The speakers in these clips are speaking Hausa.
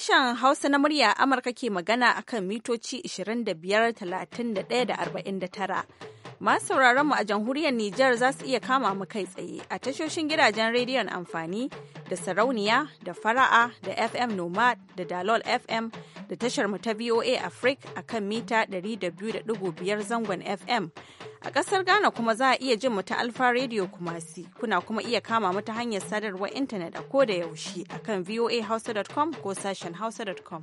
Sashen Hausa na murya Amurka ke magana akan mitoci 25, 31 da 49. Masu sauraron mu a jamhuriyar Nijar za su iya kama mu kai tsaye a tashoshin gidajen rediyon amfani da sarauniya da fara'a da FM Nomad da Dalol FM da tashar mu ta VOA Africa a kan mita 200.5 zangon FM. A ƙasar Ghana kuma za a iya jin mu ta Alfa Radio Kumasi. Kuna kuma iya kama mu ta hanyar sadarwar intanet a koda yaushe a kan voahausa.com ko sashen hausa.com.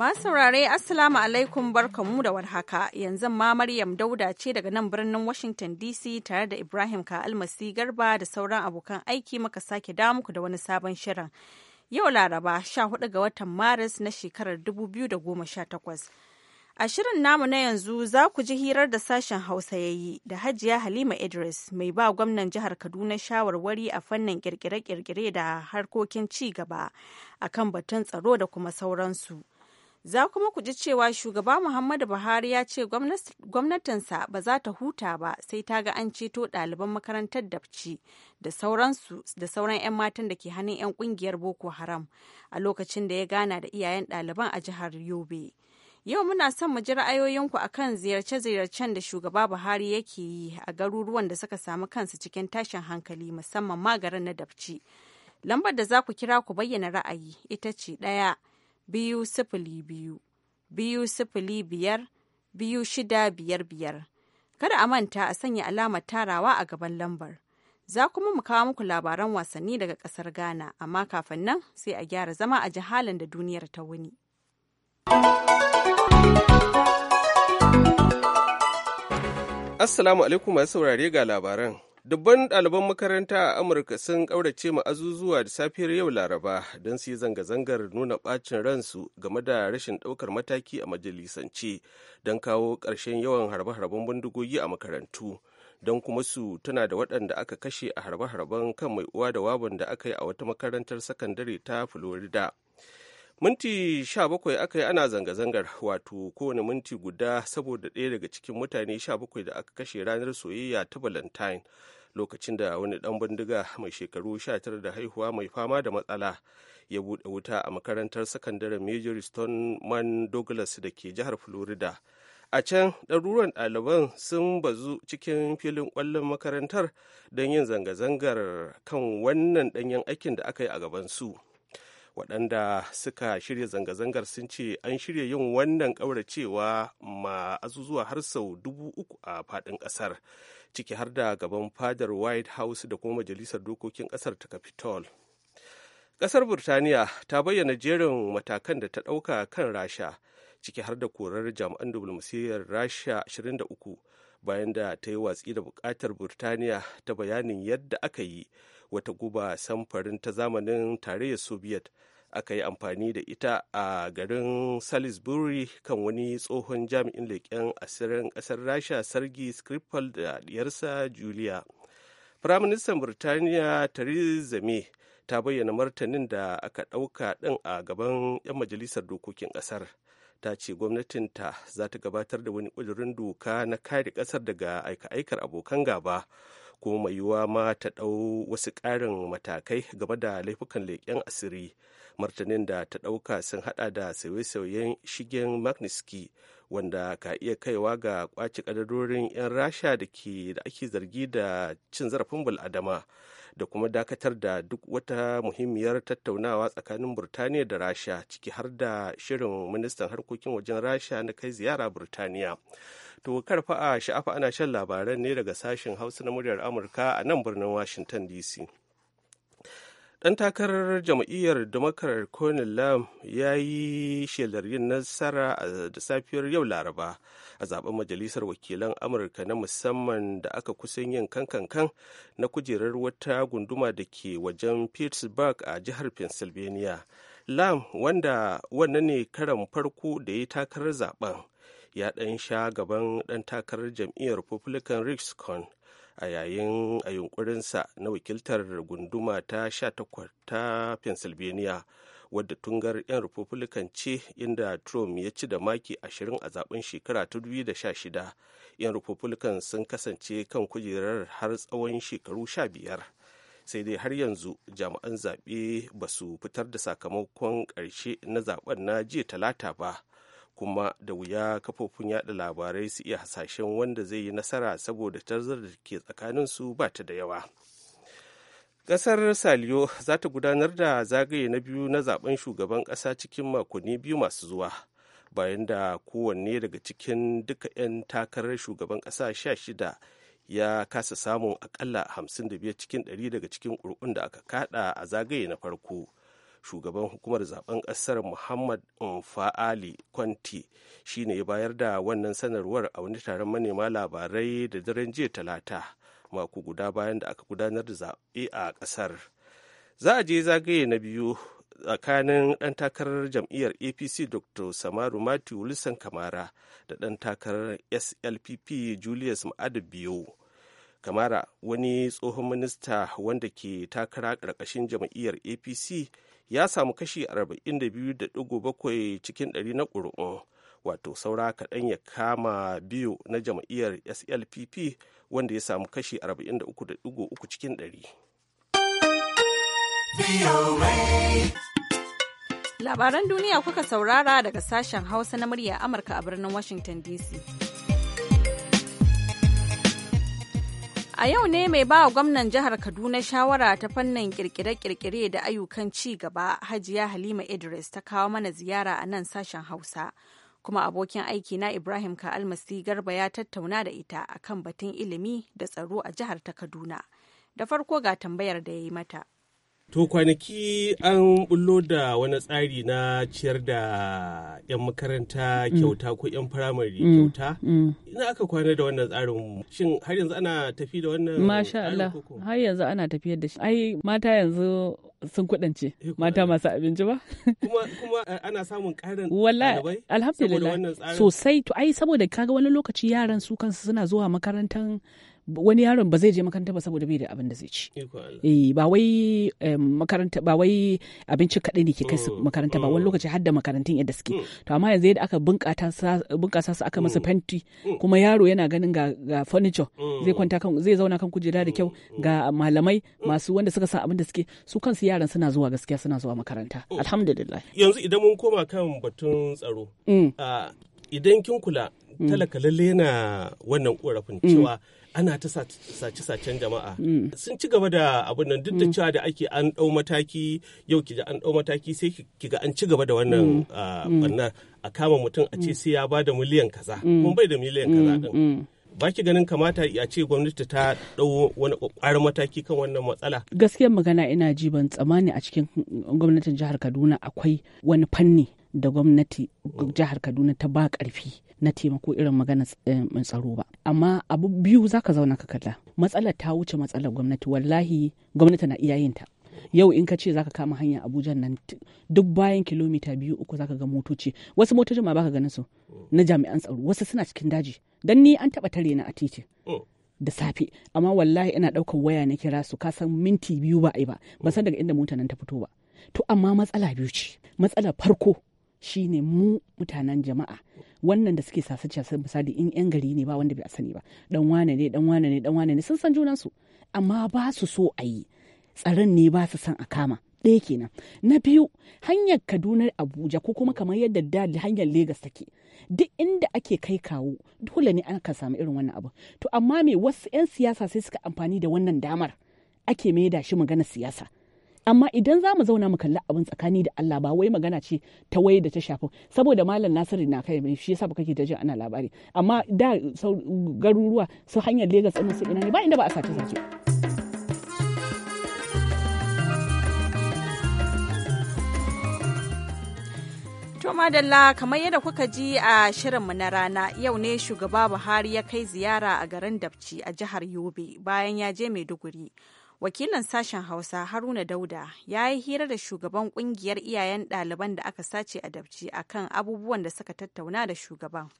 Masu saurare Assalamu alaikum barkanmu da warhaka yanzu ma Maryam Dauda ce daga nan birnin Washington DC tare da Ibrahim Ka'almasi Garba da sauran abokan aiki muka sake da muku da wani sabon shirin. Yau Laraba 14 ga watan Maris na shekarar 2018. A shirin namu na yanzu za ku ji hirar da sashen Hausa ya yi da Hajiya Halima Idris mai ba gwamnan jihar Kaduna shawarwari a fannin kirkire-kirkire da harkokin ci gaba a kan batun tsaro da kuma sauransu. Za kuma ku ji cewa shugaba Muhammadu Buhari ya ce gwamnatinsa ba za ta huta ba sai ta ga an ceto ɗaliban makarantar dabci da sauransu da sauran 'yan matan da ke hannun 'yan ƙungiyar Boko Haram a lokacin da ya gana da iyayen ɗaliban a jihar Yobe. Yau muna son mu ji ra'ayoyinku akan ziyarce-ziyarcen da shugaba Buhari yake yi a garuruwan da suka samu kansu cikin tashin hankali musamman ma na Dabci. Lambar da za ku kira ku bayyana ra'ayi ita ce ɗaya biyu sifili biyu biyu sifili biyar biyu shida biyar biyar kada a manta a sanya alamar tarawa a gaban lambar za kuma mu kawo muku labaran wasanni daga kasar ghana amma kafin nan sai a gyara zama a jihalin da duniyar ta wuni assalamu alaikum masu saurare ga labaran Dubban ɗaliban makaranta a Amurka sun ƙaurace ma azuzuwa da safiyar yau Laraba don su yi zanga-zangar nuna ɓacin ransu game da rashin ɗaukar mataki a majalisance don kawo ƙarshen yawan harbe-harben bindigogi a makarantu don kuma su tuna da waɗanda aka kashe a harbe-harben kan mai uwa da wabon da aka yi a wata makarantar sakandare ta Florida. minti sha bakwai aka yi ana zanga-zangar wato kowane minti guda saboda ɗaya daga cikin mutane sha bakwai da aka kashe ranar soyayya ta valentine lokacin da wani ɗan bindiga mai shekaru sha tara da haihuwa mai fama da matsala ya buɗe wuta a makarantar sakandaren major stoneman douglas da ke jihar florida a can ɗaruruwan ɗaliban sun bazu cikin filin ƙwallon makarantar don yin zanga-zangar kan wannan ɗanyen aikin da aka yi a gabansu. su waɗanda suka shirya zanga-zangar sun ce an shirya yin wannan ƙauracewa ma azuzuwa har sau dubu uku a faɗin ƙasar ciki har da gaban fadar white house da kuma majalisar dokokin ƙasar ta capitol ƙasar burtaniya ta bayyana jerin matakan da ta ɗauka kan rasha ciki har da korar jami'an diflomasiyyar rasha 23 bayan da ta yi watsi da buƙatar burtaniya ta bayanin yadda aka yi wata guba samfarin ta zamanin tarayyar soviet aka yi amfani da ita a garin salisbury kan wani tsohon jami'in leƙen asirin ƙasar rasha sargi skripal da diyarsa julia firaministan birtaniya theresa may ta bayyana martanin da aka ɗauka ɗin a gaban 'yan majalisar dokokin ƙasar ta ce gwamnatinta za ta gabatar da wani ƙudurin doka na kare ƙasar daga aika-aikar abokan gaba kuma mai yiwuwa ma ta ɗau wasu ƙarin matakai game da laifukan leƙen asiri martanin da ta ɗauka sun hada da sauye-sauyen shigen magnitsky wanda ka iya kaiwa ga kwaci kadarorin 'yan rasha da ake zargi da cin zarafin bul'adama da kuma dakatar da duk wata muhimmiyar tattaunawa tsakanin burtaniya da rasha ciki har da shirin ministan harkokin wajen rasha na kai ziyara burtaniya to karfa a sha'afa ana shan labaran ne daga sashen hausa na muryar amurka a nan birnin washington dc ɗan takarar jam'iyyar damakar cornel lam ya yi shelar yin nasara da safiyar yau laraba a zaben majalisar wakilan amurka na musamman da aka kusan yin kankankan na kujerar wata gunduma da ke wajen pittsburgh a jihar pennsylvania lam wanda wannan ne karan farko da ya takarar zaben ya ɗan sha gaban ɗan takarar jam'iyyar republican rick a yayin a yunkurinsa na wakiltar gunduma ta 18 ta pennsylvania wadda tungar 'yan republican ce inda trump ya ci da maki 20 a zaben shekara ta 2016 'yan republican sun kasance kan kujerar har tsawon shekaru 15 sai dai har yanzu jami'an zaɓe ba su fitar da sakamakon ƙarshe na zaben na jiya talata ba kuma da wuya kafofin yada labarai su iya hasashen wanda zai yi nasara saboda tarzar da ke tsakaninsu ba ta da yawa ƙasar saliyo za ta gudanar da zagaye na biyu na zaben shugaban ƙasa cikin makonni biyu masu zuwa bayan da kowanne daga cikin duka 'yan takarar shugaban ƙasa sha shida ya kasa samun akalla 55 cikin 100 daga cikin ƙuri'un da aka kada a zagaye na farko shugaban hukumar zaben ƙasar muhammad ali kwanti shine ya bayar da wannan sanarwar a wani taron manema labarai da daren jiya talata mako guda bayan da aka gudanar da zaɓe a ƙasar za a je zagaye na biyu tsakanin ɗan takarar jam'iyyar apc dr samaru mati wilson kamara da ɗan takarar slpp julius ma'adu biyu kamara wani tsohon minista wanda ke takara ƙarƙashin jam'iyyar apc ya samu kashi 42.7 cikin 100 na ƙuri'un wato saura kaɗan ya kama biyu na jam'iyyar slpp wanda ya samu kashi 43.3 cikin 100 Labaran duniya kuka saurara daga sashen Hausa na murya Amurka a birnin Washington DC. A yau ne mai ba gwamnan jihar Kaduna shawara ta fannin kirkire-kirkire da ayyukan ci gaba Hajiya Halima Idris ta kawo mana ziyara a nan sashen Hausa. Kuma abokin aiki na Ibrahim Ka'almasi Garba ya tattauna da ita akan batun ilimi da tsaro a jihar ta Kaduna. Da farko ga tambayar da ya yi mata. To kwanaki an bullo da wani tsari na ciyar da 'yan makaranta mm. kyauta ko 'yan firamare mm. kyauta. Mm. Ina aka kwana da wannan tsarin shin har yanzu ana tafi da wannan Masha Allah har yanzu ana tafiyar da shi. Ai mata yanzu sun kudance eh, mata masu abinci ba. Kuma eh, ana samun karin Wallahi alhamdulillah sosai to ai saboda kaga wani lokaci yaran su kansu suna zuwa makarantar wani yaron ba zai je makaranta ba saboda bai da abin da zai ci eh, ba wai abinci kaɗai ne ke kai su mm, makaranta ba mm. wani lokaci har da makarantun yadda suke mm. to amma yanzu yadda aka bunƙasa su aka masa fenti kuma yaro yana ganin ga ga furniture zai kwanta kan zai zauna kan kujera da kyau ga malamai masu wanda suka san abin da suke su kansu yaran suna zuwa gaskiya suna zuwa makaranta alhamdulillah yanzu idan mun koma kan batun tsaro idan kin kula talaka lalle yana wannan korafin cewa ana ta sace-sacen jama'a mm. sun ci gaba da abin nan duk da mm. cewa da ake an ɗau mataki yau ki an ɗau mataki sai ki an ci gaba da wannan Bannan mm. a kama mutum a ce sai ya ba da miliyan kaza kuma bai da miliyan kaza din ba ki ganin kamata ya ce gwamnati ta ɗau wani mataki kan wannan matsala? Gaskiyar magana ina ji ban tsammani a cikin gwamnatin jihar Kaduna akwai wani fanni da gwamnati jihar Kaduna ta ba ƙarfi na taimako irin magana eh, tsaro ba amma abu biyu za ka zauna ka kalla matsalar ta wuce matsalar gwamnati wallahi gwamnati na iya yin ta yau in ka ce zaka kama hanya abuja nan duk bayan kilomita biyu uku zaka ga motoci wasu motocin ma baka ganin su na jami'an tsaro wasu suna cikin daji dan ni an taba tare na a titi oh. da safe amma wallahi ina daukar waya na kira su kasan minti biyu ba ai ba ban san daga inda mota nan ta fito ba to amma matsala biyu ce matsalar farko shine mu mutanen jama'a wannan da suke sasa sasace misali in yan gari ne ba wanda bai sani ba dan wane ne dan wane ne dan wane ne sun san junan su amma ba su so a yi tsaron ne ba su san a kama ɗaya kenan na biyu hanyar kaduna abuja ko kuma kamar yadda da hanyar legas take duk inda ake kai kawo dole ne aka samu irin wannan abu to amma me wasu 'yan siyasa sai suka amfani da wannan damar ake da shi magana siyasa amma idan za mu zauna mu kalli abin tsakani da Allah ba wai magana ce ta waye da ta shafi saboda malam Nasiru na kai shi yasa ba kake da jin ana labari amma da garuruwa su hanyar Lagos din su ina ne ba inda ba a sace sace To madalla kamar yadda kuka ji a shirin mu na rana yau ne shugaba Buhari ya kai ziyara a garin Dabci a jihar Yobe bayan ya je Maiduguri. wakilin sashen hausa haruna dauda ya yi hira da shugaban kungiyar iyayen ɗaliban da aka sace a dabci akan abubuwan da suka tattauna da shugaban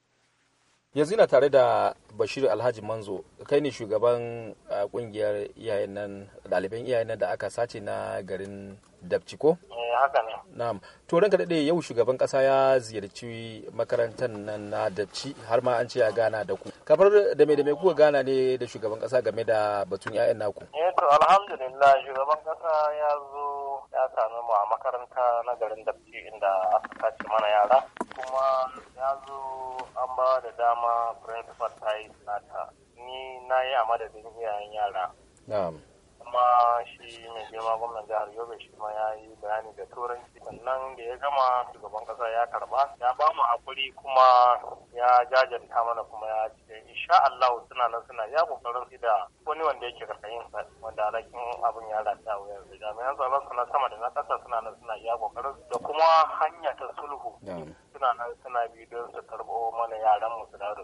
yanzu ina tare da bashir alhaji manzo kai ne shugaban kungiyar iyayen nan ɗaliban iyayen nan da aka sace na garin dabci ko? Eh, haka ne na'am to ranka daɗe yau shugaban ƙasa ya ziyarci makarantar nan na dabci har ma an ce ya gana da ku kamar da mai da mai kuka gana ne da shugaban kasa game da batun ya'yan naku eh to alhamdulillah shugaban ƙasa ya zo sami mu a makaranta na garin dabci inda aka sace mana yara kuma ya zo an ba da dama brentford ta yi nata ni na yi a madadin iyayen yara kuma shi mai girma gwamnan jihar yobe shi ma ya yi bayani da turanci sannan da ya gama shugaban kasa ya karba ya ba mu hakuri kuma ya jajanta mana kuma ya ce insha Allah suna nan suna ya kokarin su da wani wanda yake karkayin sa wanda alakin abin ya rata wa yanzu yanzu Allah suna sama da na kasa suna nan suna ya kokarin da kuma hanya ta sulhu suna nan suna bi don su karɓo mana yaran mu su da su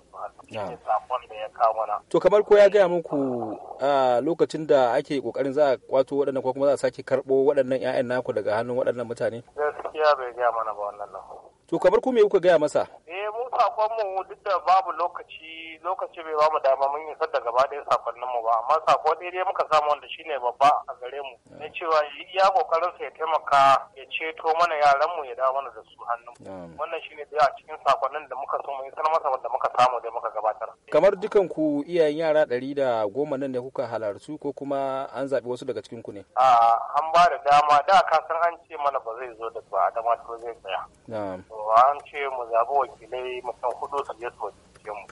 sakon da ya kawo to kamar ko ya gaya muku a lokacin da ake kokarin za a kwato waɗannan ko kuma za a sake karɓo waɗannan 'ya'yan naku daga hannun waɗannan mutane gaskiya bai gaya mana ba wannan nan to kamar ku me kuka gaya masa eh mun sakon mu duk da babu lokaci lokaci bai bamu dama mun yi da gaba da sakonnin mu ba amma sako dai dai muka samu wanda shine babba a gare mu na cewa ya kokarin sa ya taimaka ya ceto mana yaran mu ya dawo mana da su hannu wannan shine dai a cikin sakonnin da muka so mu sanar masa wanda muka samu da muka gabatar kamar dukan ku iyayen yara ɗari da goma nan da kuka halarci ko kuma an zaɓi wasu daga cikin ku ne a ah, an ba da dama da ka san an ce mana ba zai zo da ba da to zai tsaya an ce mu zaɓi wakilai mutum hudu su je su wakilce mu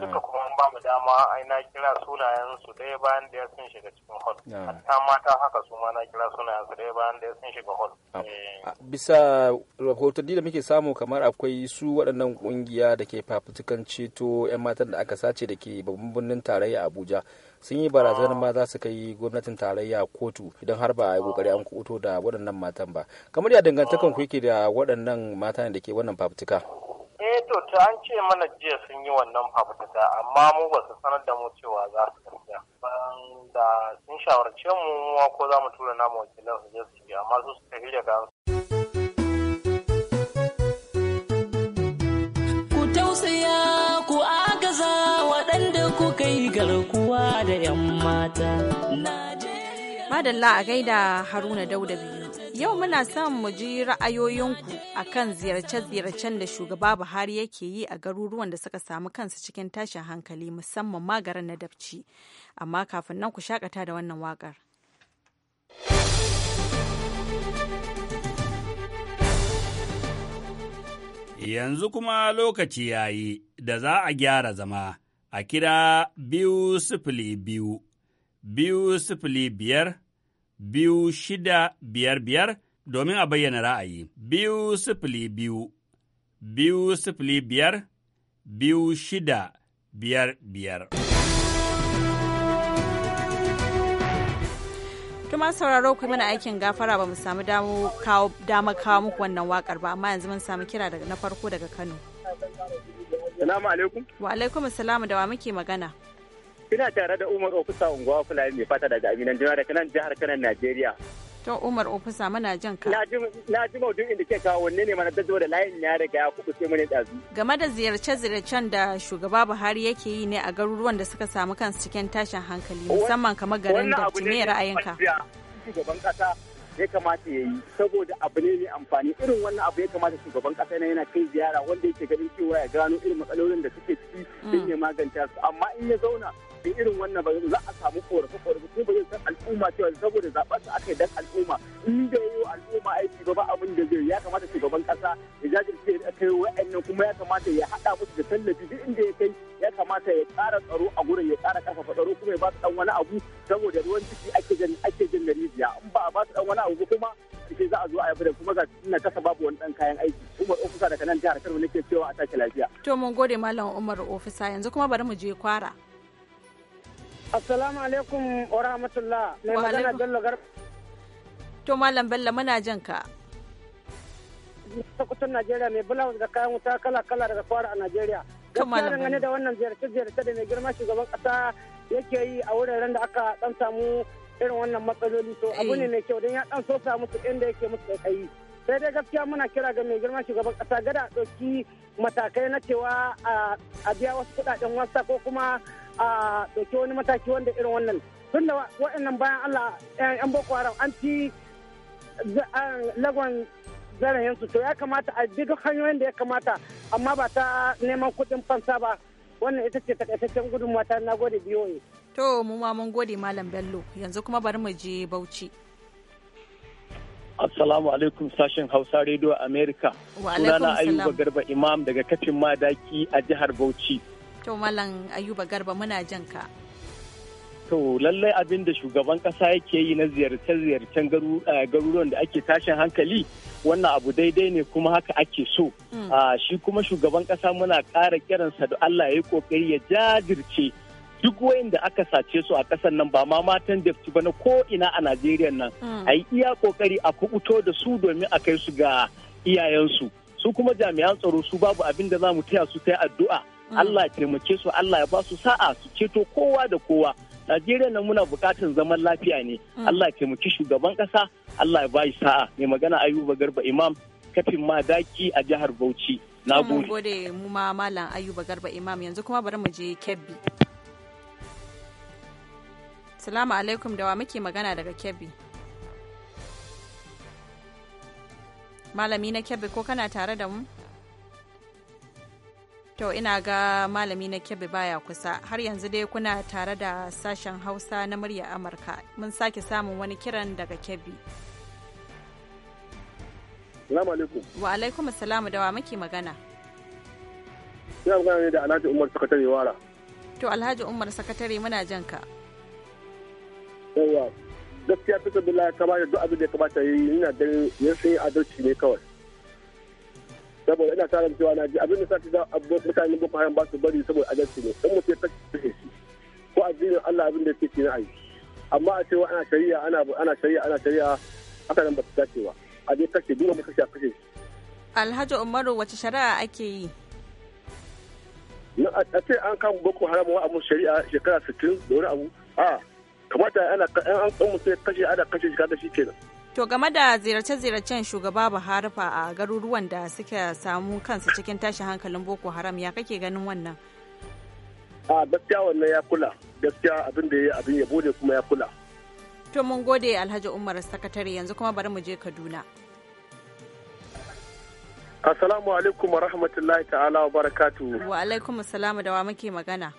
duka kuma an ba mu dama ai na kira sunayen su ɗaya bayan da sun shiga cikin hall hatta mata haka su ma na kira sunayen su ɗaya bayan da sun shiga hall eh. bisa rahotanni da muke samu kamar akwai su waɗannan ƙungiya da ke fafutukan ceto 'yan matan da aka sace da ke babban birnin tarayya abuja sun yi barazanar ah. ma za su kai gwamnatin tarayya kotu idan har ba a yi kokari an kuto da waɗannan matan ba kamar ya dangantakan ku yake da waɗannan mata da ke wannan fafutuka eh to ta an ce mana jiya sun yi wannan fafutuka amma mu ba su sanar da mu cewa za su tafiya da sun shawarce mu ko za mu tura namu wakilan su je su amma su su tafi da kansu Madalla a gaida Haruna Dauda biyu. Yau muna son mu ji ra'ayoyinku akan ziyarce-ziyarcen da shugaba Buhari yake yi a garuruwan da suka samu kansu cikin tashin hankali musamman ma garin na Dabci. Amma kafin nan ku shakata da wannan wakar. Yanzu kuma lokaci yayi da za a gyara zama a kira biyu sifili biyu biyu sifili biyar biyu shida biyar biyar domin a bayyana ra'ayi biyu sifili biyu biyu sifili biyar biyu shida biyar biyar. Tuma sauraro ku mana aikin gafara ba mu samu dama kawo muku wannan wakar ba amma yanzu mun samu kira na farko daga Kano. Salamu alaikum. Wa alaikum salamu da wa muke magana. Ina tare da Umar Ofisa Unguwa Fulani mai fata daga Aminan Juna daga nan jihar Kanan Najeriya. To Umar Ofisa muna jin ka. Na ji duk da ke kawo wanne ne mana dajo da layin ya riga ya kuɓu sai mune ɗazu. Game da ziyarce-ziyarcen da shugaba Buhari yake yi ne a garuruwan da suka samu kansu cikin tashin hankali musamman kamar garin da me ra'ayinka? Shugaban ƙasa ya kamata ya yi saboda abu ne mai amfani irin wannan abu ya kamata shugaban kasa na yana kai ziyara wanda yake ganin cewa ya gano irin matsalolin da suke ciki mm. don magance su amma in ya zauna yi irin wannan ba za a samu korafe korafi ko ba zai san al'umma cewa saboda zaɓen su aka yi dan al'umma in da yi al'umma aiki ba ba abin da zai ya kamata shugaban kasa ya jajirce ya kai wa'annan kuma ya kamata ya haɗa musu da tallafi duk inda ya kai ya kamata ya ƙara tsaro a gurin ya ƙara kafafa tsaro kuma ya ba su ɗan wani abu saboda ruwan ciki ake jin ake jin rijiya in ba a ba su ɗan wani abu kuma ke za a zo a yabi da kuma ga ina kasa babu wani dan kayan aiki umar ofisa daga nan jihar Kano nake cewa a take lafiya to mun gode malam umar ofisa yanzu kuma bari mu je kwara Assalamu alaikum wa rahmatullah. Mai magana Bello Garba. To Malam Bello muna jan ka. Sokoton Najeriya mai bulawus da kayan wuta kala-kala daga kwara a Najeriya. Gaskiya dangane da wannan ziyarce-ziyarce da mai girma shugaban kasa yake yi a wuraren da aka dan samu irin wannan matsaloli to abu ne eh. mai kyau don ya dan so samu kuɗin inda yake musu kai. Sai dai gaskiya muna kira ga mai girma shugaban kasa gada a ɗauki matakai na cewa a biya wasu kuɗaɗen wasa ko kuma a ɗauki wani mataki wanda irin wannan tun da waɗannan bayan Allah yan boko haram an ci lagon su to ya kamata a duk hanyoyin da ya kamata amma ba ta neman kuɗin fansa ba wannan ita ce takaitaccen gudunmuwa ta na gode biyoyi. To mu ma mun gode Malam Bello yanzu kuma bari mu je Bauchi. Assalamu alaikum sashen Hausa rediyo America. Sunana Ayuba Garba Imam daga kafin madaki a jihar Bauchi. To Malam Ayuba Garba muna jan ka. To lallai abin da shugaban kasa yake yi na ziyarce-ziyarcen eh, garuruwan da ake tashin hankali wannan abu daidai ne kuma haka ake so. Mm. Ah, shi kuma shugaban kasa muna ƙara kiransa da Allah ya yi ƙoƙari ya jajirce duk da aka sace su a ƙasar nan ba ma matan dafti ba na ko ina a Najeriya nan. Mm. A yi iya ƙoƙari a kuɓuto da su domin a kai su ga iyayensu. Su kuma jami'an tsaro su babu abin da za mu taya su ta addu'a. Mm. Allah ya taimake su Allah ya ba su sa'a su ceto kowa da kowa Najeriya nan muna bukatun zaman lafiya ne mm. Allah ya taimake shugaban kasa Allah ya ba shi sa'a mai magana Ayuba Garba Imam kafin ma daki a jihar Bauchi na gode gode mu ma malam Ayuba Garba Imam yanzu kuma bari mu je Kebbi Salamu alaikum da wa muke magana daga Kebbi Malami na Kebbi ko kana tare da mu? To ina ga malami na kebe baya kusa har yanzu dai kuna tare da sashen hausa na murya Amurka mun sake samun wani kiran daga kebbi. Salamu alaikum. Wa alaikum salamu da wa muke magana. Ina magana ne da Alhaji Umar Sakatare Wara. To Alhaji Umar Sakatare muna jan ka. Yawwa gaskiya fita bila ya kamata duk abin da ya kamata yi yana da yin adalci ne kawai. saboda ina sa ran cewa na ji abin da sa ga mutanen boko haram ba su bari saboda adalci ne in mutum ya kashe shi ko addinin Allah abin da yake ke na ayi amma a cewa ana shari'a ana ana shari'a ana shari'a haka nan ba su dace ba a je kashe duk wanda kashi a kashi. Alhaji Umaru wace shari'a ake yi a ce an kama boko haram wa abu shari'a shekara 60 da wani abu a kamata ana an mutum ya kashe ana kashe shi kada shi kenan To game da ziyarce-ziyarcen shugaba Buharifa a garuruwan da suka samu kansu cikin tashin hankalin Boko Haram ya kake ganin wannan? A gaskiya wannan ya kula, gaskiya abin da ya abin yabo ne kuma ya kula. To mun gode Alhaji Umar sakatare yanzu kuma bari mu je Kaduna. Assalamu alaikum wa rahmatullahi ta'ala wa barakatu. Wa alaikum assalamu da wa muke magana.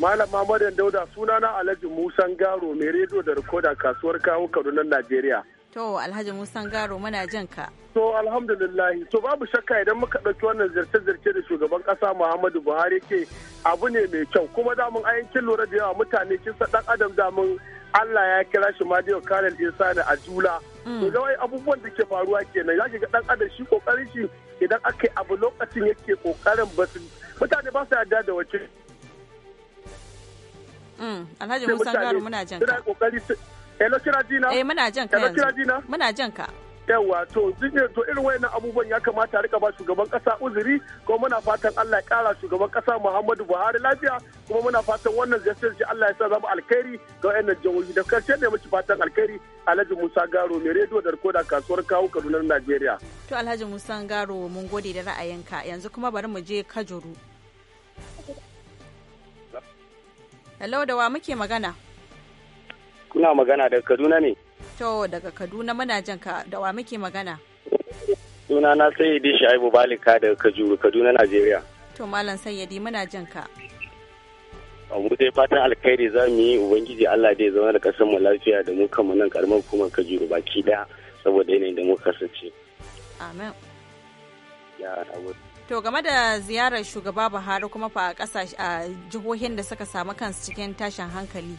malam Maryam Dauda sunana Alhaji Musan Garo mai rediyo da rikoda kasuwar kawo Kaduna Najeriya. To Alhaji Musan Garo muna jin ka. To alhamdulillah to babu shakka idan muka ɗauki wannan zirce-zirce da shugaban ƙasa Muhammadu Buhari ke abu ne mai kyau kuma ayin kin lura da yawa mutane kin sa ɗan adam mun Allah ya kira shi ma dio kanal insani a jula. Mm. To ga wai abubuwan da ke faruwa kenan ya ga ɗan adam shi kokarin shi idan akai abu lokacin yake kokarin basu mutane ba su yarda da wace. Mm. Alhaji Musa Garo muna jin ka. Hello eh, kira jina? Eh, eh, kira jina? Muna jan ka. to to irin wayannan abubuwan ya kamata rika ba shugaban kasa uzuri kuma muna fatan Allah ya kara shugaban kasa Muhammadu Buhari lafiya kuma muna fatan wannan ziyartar shi Allah ya sa zama alkhairi ga wayannan jihohi da karshe ne muke fatan alkhairi Alhaji Musa Garo mai rediyo da rikoda kasuwar kawo Kaduna Najeriya to Alhaji Musa Garo mun gode da ra'ayinka yanzu kuma bari mu je Kajuru Hello da wa muke magana Kuna magana daga Kaduna ne? To daga Kaduna muna jan ka da wa muke magana? Suna na Sayyidi Shaibu Balika daga Kajuru, Kaduna, Najeriya. To Malam Sayyidi muna jan ka. mu dai fatan alkhairi za mu yi ubangiji Allah dai zama da kasar mu lafiya da mu kan nan karamar hukumar Kajuru baki daya saboda yanayin da mu kasance. Amen. Ya To game da ziyarar shugaba Buhari kuma fa a jihohin da suka samu kansu cikin tashin hankali.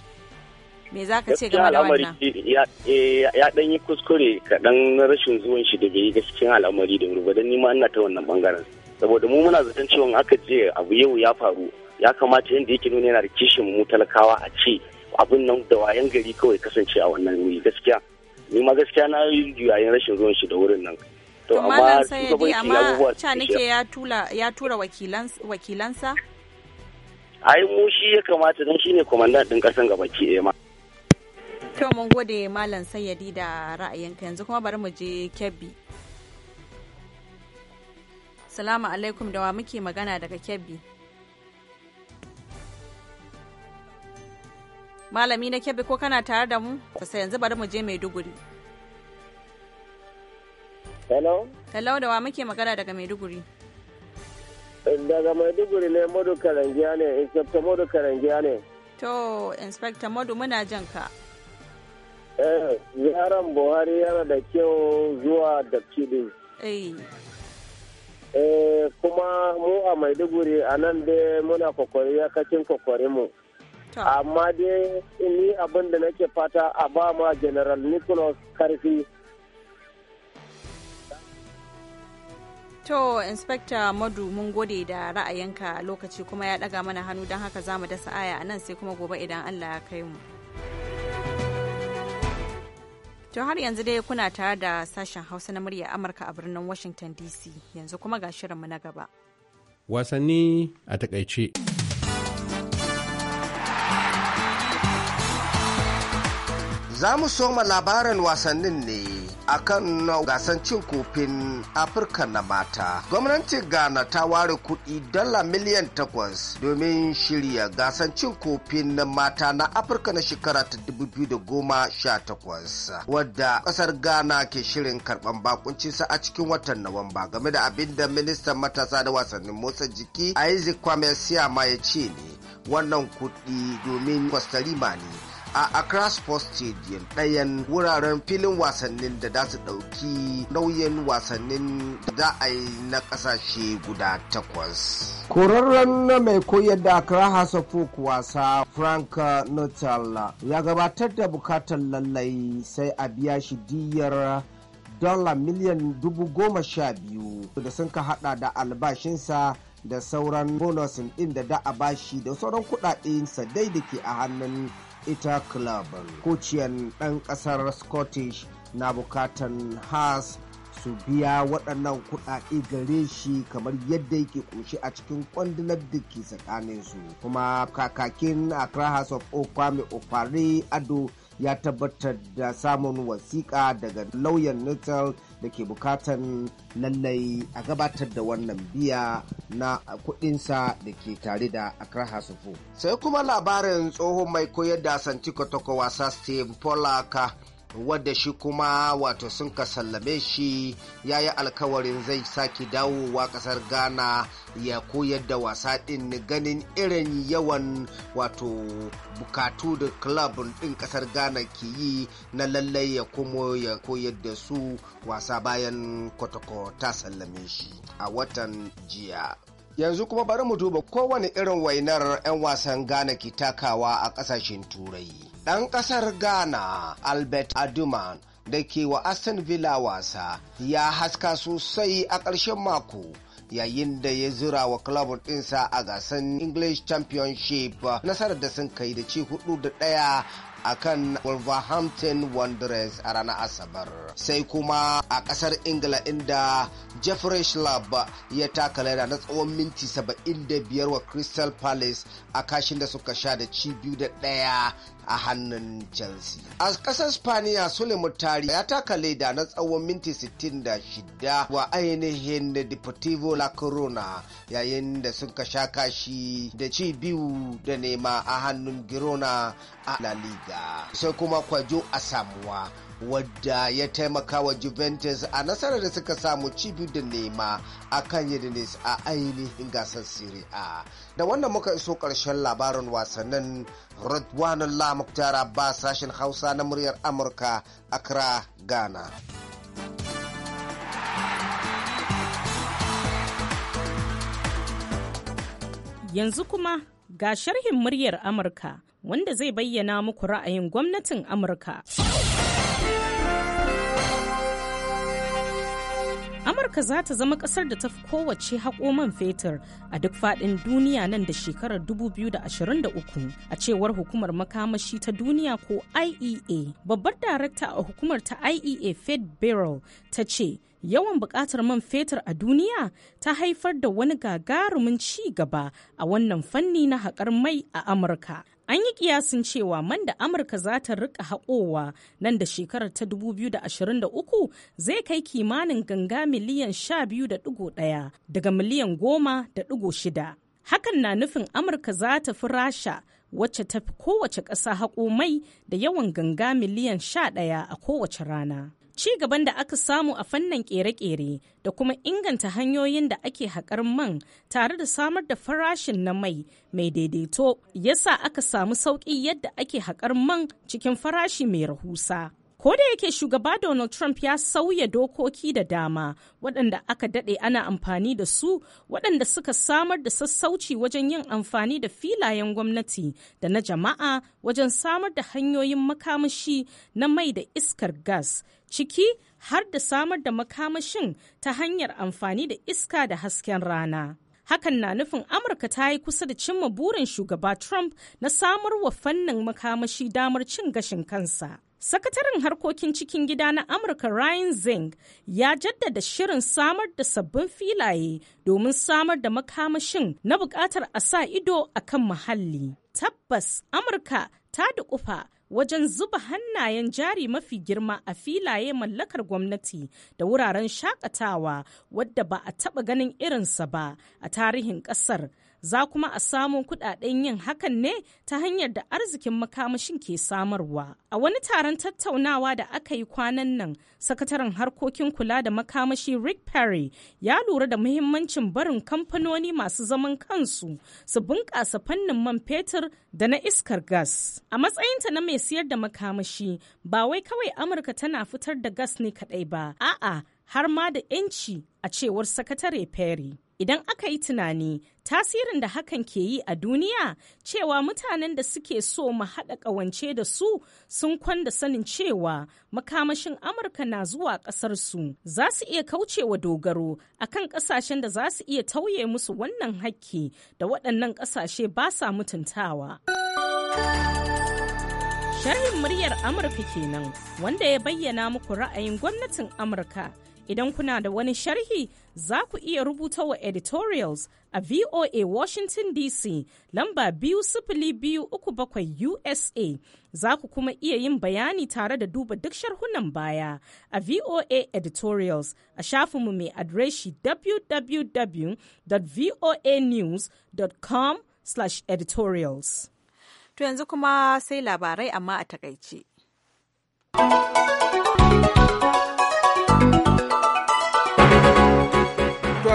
me za ka ce game da wannan ya dan eh, yi kuskure kaɗan rashin zuwan shi da bai yi gaskiyan al'amari da wuri ba don nima ina ta wannan bangaren saboda mu muna zaton cewa aka je abu yau ya faru ya kamata yadda yake nuna yana da kishin mu talakawa a ce abin nan da wayan gari kawai kasance a wannan wuri gaskiya ni ma gaskiya na yi yayin rashin zuwan shi da wurin nan to amma shugabanci amma ca nake ya tura ya tura wakilansa ai mu shi ya kamata dan shine komandan din kasan gabaki ɗaya ma Kyau mun gode malam sayyadi da ra'ayinka yanzu kuma bari mu je kebbi salamu alaikum da wa muke magana daga kebbi malami na kebbi ko kana tare da mu kusa yanzu bari mu je maiduguri hello hello da wa muke magana daga maiduguri eh, daga maiduguri ne modu karangiya ne inspector modu karangiya ne to inspector modu muna jan ka Eh, yaran buhari yana da kyau zuwa da kidin eh, kuma mu a maiduguri a nan dai muna kokori ya kacin mu amma dai ni abin da nake fata a ba ma general nicholas karfi To, Inspector Madu mun gode da ra'ayinka lokaci kuma ya ɗaga mana hannu don haka za mu dasa aya a nan sai kuma gobe idan Allah ya kai mu. To har yanzu dai kuna tare da sashen Hausa na murya Amurka a birnin Washington DC yanzu kuma ga shirinmu na gaba. Wasanni a takaice. Za mu soma labarin wasannin ne akan gasan cin kofin afirka na mata gwamnatin ghana ta ware kudi dala miliyan takwas domin shirya gasan cin kofin na mata na afirka na shekara ta goma sha 2018 wadda kasar ghana ke shirin karban bakuncinsa a cikin watan nawamba game da abin da ministan matasa da wasannin motsa jiki isaac kwame siyama ya ce ne wannan kudi domin kwastarima ne a Accra Sports Stadium ɗayan wuraren filin wasannin da za su ɗauki nauyin wasannin da za a yi na ƙasashe guda takwas. Kurarren na mai koyar da Accra House of Folk wasa Frank Nuttall ya gabatar da bukatar lallai sai a biya shi diyar dala miliyan dubu goma sha biyu da sun ka hada da albashinsa da sauran bonus din da da a bashi da sauran sa dai da ke a hannun ita club kociyan ɗan ƙasar scottish na bukatan has su biya waɗannan kuɗaɗe gare shi kamar yadda yake ƙunshi a cikin kwandunar da ke tsakanin su kuma kakakin accra house of okwame okware ado ya tabbatar da samun wasiƙa daga lauyan nuttall da ke bukatan lallai a gabatar da wannan biya na kudinsa da ke tare da Accra Hasufu. Sai kuma labarin tsohon mai koyar da Santiko Kotoko wasa Steve Polaka wadda shi kuma wato sun ka sallame shi ya yi alkawarin zai sake dawowa kasar ghana ya koyar da wasa ɗin ganin irin yawan wato bukatu da club ɗin kasar ghana ke yi na lallai ya komo ya koyar da su wasa bayan kwatakwata sallame shi a watan jiya Yanzu kuma bari mu duba kowane irin wainar 'yan wasan Ghana ke takawa a kasashen Turai. Ɗan ƙasar Ghana, Albert Aduman, da ke wa Aston Villa wasa, ya haska sosai a ƙarshen mako. yayin da ya zura wa klabun ɗinsa a gasan English Championship nasarar da sun kai da ci hudu da ɗaya a kan Wolverhampton Wanderers a ranar Asabar. Sai kuma a ƙasar Ingila inda Jeffrey Schlapp ya taka laida na tsawon minti 75 wa Crystal Palace a kashin da suka sha da ci biyu da ɗaya a hannun chelsea a ƙasar spaniya sule mutari ya taka leda na tsawon minti 66 wa ainihin deportivo la corona yayin da sun sha kashi da ci biyu da nema a hannun girona a la liga sai kuma kwajo a samuwa wadda ya taimaka wa Juventus a nasarar da suka samu cibiyu da nema a kan Udinese a ainihin gasar Serie A. Da wannan muka iso ƙarshen labarin wasannin Radwanul lamuktara ba sashen Hausa na muryar Amurka Accra, Ghana. Yanzu kuma ga sharhin muryar Amurka wanda zai bayyana muku ra'ayin gwamnatin Amurka. amurka za ta zama kasar da ta fi kowace haƙo man fetur a duk faɗin duniya nan da shekarar 2023 a cewar hukumar makamashi ta duniya ko iea babbar darakta a hukumar ta iea fed barrel ta ce yawan buƙatar man fetur a duniya ta haifar da wani gagarumin ci gaba a wannan fanni na haƙar mai a amurka An yi kiyasin cewa man da Amurka za ta rika haƙowa nan da shekarar ta 2023 zai kai kimanin ganga miliyan 12.1 daga miliyan 10.6. Hakan na nufin Amurka za ta fi Rasha wacce ta fi kowace ƙasa haƙo mai da yawan ganga miliyan 11 a kowace rana. ci gaban da aka samu a fannin kere-kere da kuma inganta hanyoyin da ake haƙar man tare da samar da farashin na mai mai daidaito yasa aka samu sauƙi yadda ake haƙar man cikin farashi mai rahusa. Ko da yake shugaba Donald Trump ya sauya dokoki da dama waɗanda aka daɗe ana amfani da su waɗanda suka samar da sassauci wajen yin amfani da filayen gwamnati da na jama'a wajen samar da hanyoyin makamashi na mai da iskar gas ciki har da samar da makamashin ta hanyar amfani da iska da hasken rana. hakan na nufin amurka ta yi kusa da cimma burin shugaba trump na samar wa fannin makamashi damar cin gashin kansa Sakataren harkokin cikin gida na Amurka Ryan Zing ya jaddada shirin samar da sabbin filaye domin samar da makamashin na bukatar a sa ido a kan muhalli. Tabbas Amurka ta dukufa wajen zuba hannayen jari mafi girma a filaye mallakar gwamnati da wuraren shakatawa wadda ba a taɓa ganin irinsa ba a tarihin ƙasar za kuma a samu kudaden yin hakan ne ta hanyar da arzikin makamashin ke samarwa. A wani taron tattaunawa da aka yi kwanan nan, sakataren harkokin kula da makamashi Rick Perry ya lura da muhimmancin barin kamfanoni masu zaman kansu su bunƙasa fannin man fetur da na iskar gas. A matsayinta na mai siyar da makamashi, ba wai kawai Amurka tana fitar da gas ne kaɗai ba, a'a har ma da 'yanci a cewar sakatare Perry. Idan aka yi tunani tasirin da hakan ke yi a duniya cewa mutanen da suke so mu haɗa ƙawance da su sun kwanda sanin cewa makamashin Amurka na zuwa ƙasarsu za su iya kaucewa dogaro a kan ƙasashen da za su iya tauye musu wannan hakki da waɗannan ƙasashe ba sa mutuntawa. Sharhin muryar Amurka kenan wanda ya bayyana muku ra'ayin gwamnatin Amurka. Idan kuna da wani sharhi za ku iya rubuta wa editorials a VOA Washington DC lamba biyu biyu uku bakwai USA za ku kuma iya yin bayani tare da duba duk sharhunan baya a VOA editorials a shafin mu mai adireshi www.voanews.com/editorials. To yanzu kuma sai labarai amma a takaice.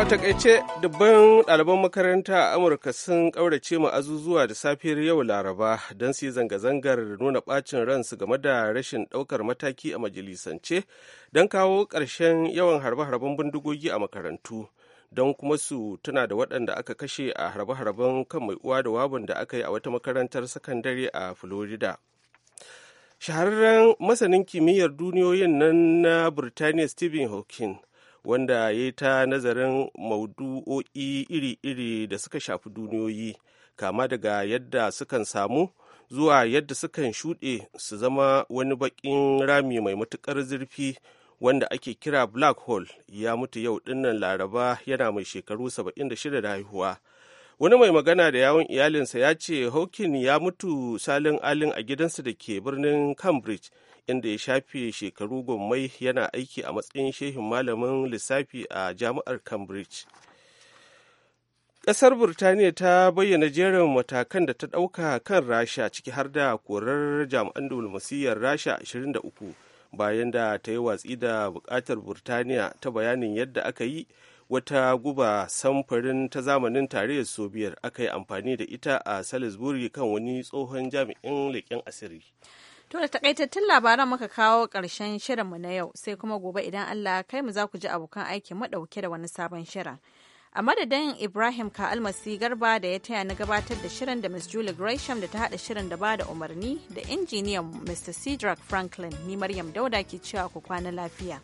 a takaice dubban ɗaliban makaranta a Amurka sun ƙaurace mu azuzuwa da safiyar yau Laraba don su yi zanga-zangar nuna ɓacin ransu game da rashin ɗaukar mataki a majalisance don kawo ƙarshen yawan harbe-harben bindigogi a makarantu don kuma su tuna da waɗanda aka kashe a harbe-harben kan mai uwa da wabun da aka yi a wata makarantar sakandare a Florida. Shahararren masanin kimiyyar duniyoyin nan na Burtaniya Stephen Hawking wanda ya yi ta nazarin maudu'o'i iri-iri da suka shafi duniyoyi kama daga yadda sukan samu zuwa yadda sukan shuɗe su zama wani baƙin rami mai matuƙar zurfi wanda ake kira black hole ya mutu yau dinnan laraba yana mai shekaru 76 da haihuwa wani mai magana da yawon iyalinsa ya ce hawking ya mutu salin alin a gidansa da ke birnin cambridge inda ya shafe shekaru gwammai yana aiki a matsayin shehin malamin lissafi a jami'ar cambridge ƙasar burtaniya ta bayyana jerin matakan da ta ɗauka kan rasha ciki har da korar jami'an dalmasiyyar rasha 23 bayan da ta yi watsi da buƙatar burtaniya ta bayanin yadda aka yi wata guba samfurin ta zamanin tarayyar sobiyar aka yi amfani da ita a salisbury kan wani tsohon jami'in leƙen asiri To da takaitattun labaran muka kawo ƙarshen mu na yau sai kuma gobe idan Allah kai mu za ku ji abokan aiki mu ɗauke da wani sabon shirin. A madadin Ibrahim ka almasi garba da ya taya na gabatar da shirin da Miss Julie Gresham da ta haɗa shirin da ba da umarni da injiniyan Mr. Cedric Franklin ni Maryam Dauda ke cewa ku kwana lafiya.